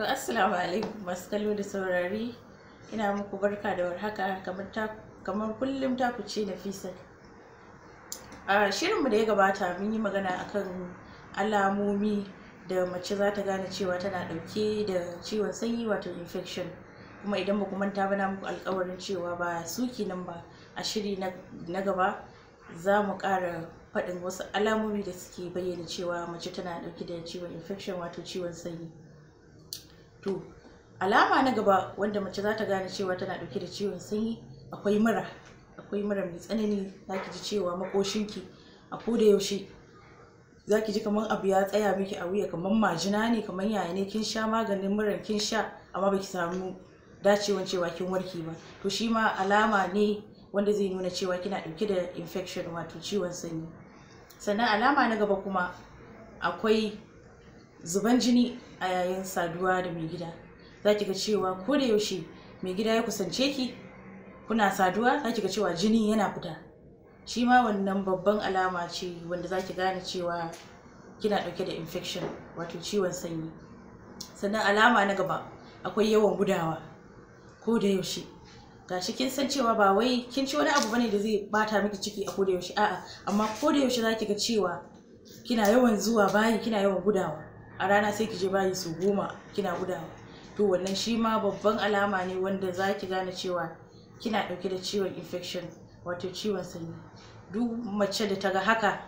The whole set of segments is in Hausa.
Assalamu alaikum masu kallo da saurari ina muku barka da warhaka kamar kullum ta kuce na fisa a shirinmu da ya gabata mun yi magana akan alamomi da mace za ta gane cewa tana dauke da ciwon sanyi wato infection kuma idan ba kuma manta ba muku alkawarin cewa ba suki nan ba a shiri na gaba za mu ƙara faɗin wasu alamomi da suke bayyana cewa mace tana dauke da ciwon infection wato ciwon sanyi to alama na gaba wanda mace za ta gane cewa tana ɗauke da ciwon sanyi akwai mura akwai mura mai tsanani za ki ji cewa makoshinki a koda yaushe za ki ji kamar abu ya tsaya miki a wuya kamar majina ne kamar yaya ne kin sha maganin muran kin sha amma baki samu dacewan cewa kin warke ba to shi ma alama ne wanda zai nuna cewa kina ɗauke da infection wato ciwon sanyi sannan alama na gaba kuma akwai zuban jini a yayin saduwa da mai gida za ki ga cewa ko da yaushe mai gida ya kusance ki kuna saduwa za ki ga cewa jini yana fita shi ma wannan babban alama ce wanda za ki gane cewa kina ɗauke da infection wato ciwon sanyi sannan alama na gaba akwai yawan gudawa ko da yaushe ga shi kin san cewa ba wai kin ci wani abu bane da zai bata miki ciki a ko da yaushe a'a amma ko da yaushe za ki ga cewa kina yawan zuwa bayi kina yawan gudawa a rana sai ki je bayi su goma kina gudawa to wannan shi ma babban alama ne wanda za ki gane cewa kina ɗauke da ciwon infection wato ciwon sanyi duk mace da ta ga haka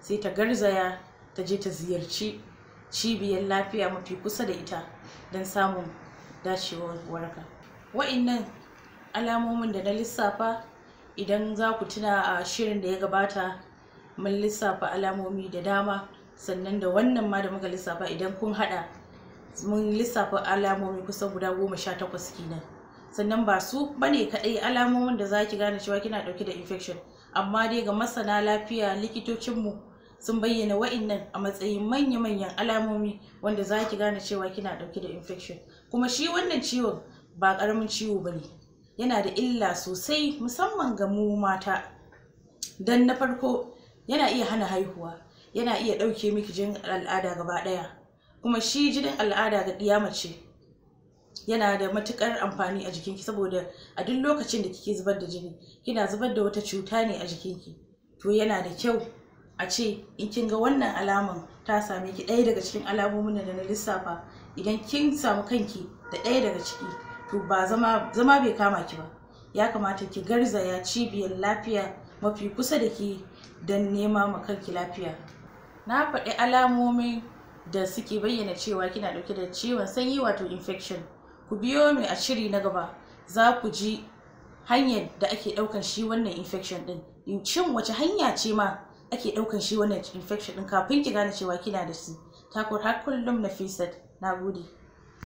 sai ta garzaya ta je ta ziyarci cibiyar lafiya mafi kusa da ita don samun dacewar waraka wa'innan alamomin da na lissafa idan za ku tuna a shirin da ya gabata mun lissafa alamomi da dama sannan da wannan ma da muka lissafa idan kun hada mun lissafa alamomi kusan guda goma sha takwas kenan sannan ba su bane kadai alamomin da za ki gane cewa kina dauke da infection amma dai ga masana lafiya likitocinmu sun bayyana wa'innan a matsayin manya-manyan alamomi wanda za ki gane cewa kina dauke da infection kuma shi wannan ciwon ba karamin ciwo bane yana da illa sosai musamman ga mu mata dan na farko yana iya hana haihuwa yana iya ɗauke miki jin al'ada gaba ɗaya kuma shi jinin al'ada ga ɗiya mace yana da matukar amfani a jikinki saboda a duk lokacin da kike zubar da jini kina zubar da wata cuta ne a jikinki to yana da kyau a ce in kin ga wannan alaman ta same ki ɗaya daga cikin alamomin da na lissafa idan kin samu kanki da ɗaya daga ciki to ba zama zama bai kama ki ba ya kamata ki garzaya cibiyar lafiya mafi kusa da ke don nema ma kanki lafiya na faɗi alamomi da suke bayyana cewa kina ɗauke da ciwon sanyi wato infection ku biyo mu a shiri na gaba za ku ji hanyar da ake ɗaukan shi wannan infection ɗin cin wace hanya ce ma ake ɗaukan shi wannan infection ɗin kafin ki gane cewa kina da shi takur har kullum na fisat na gode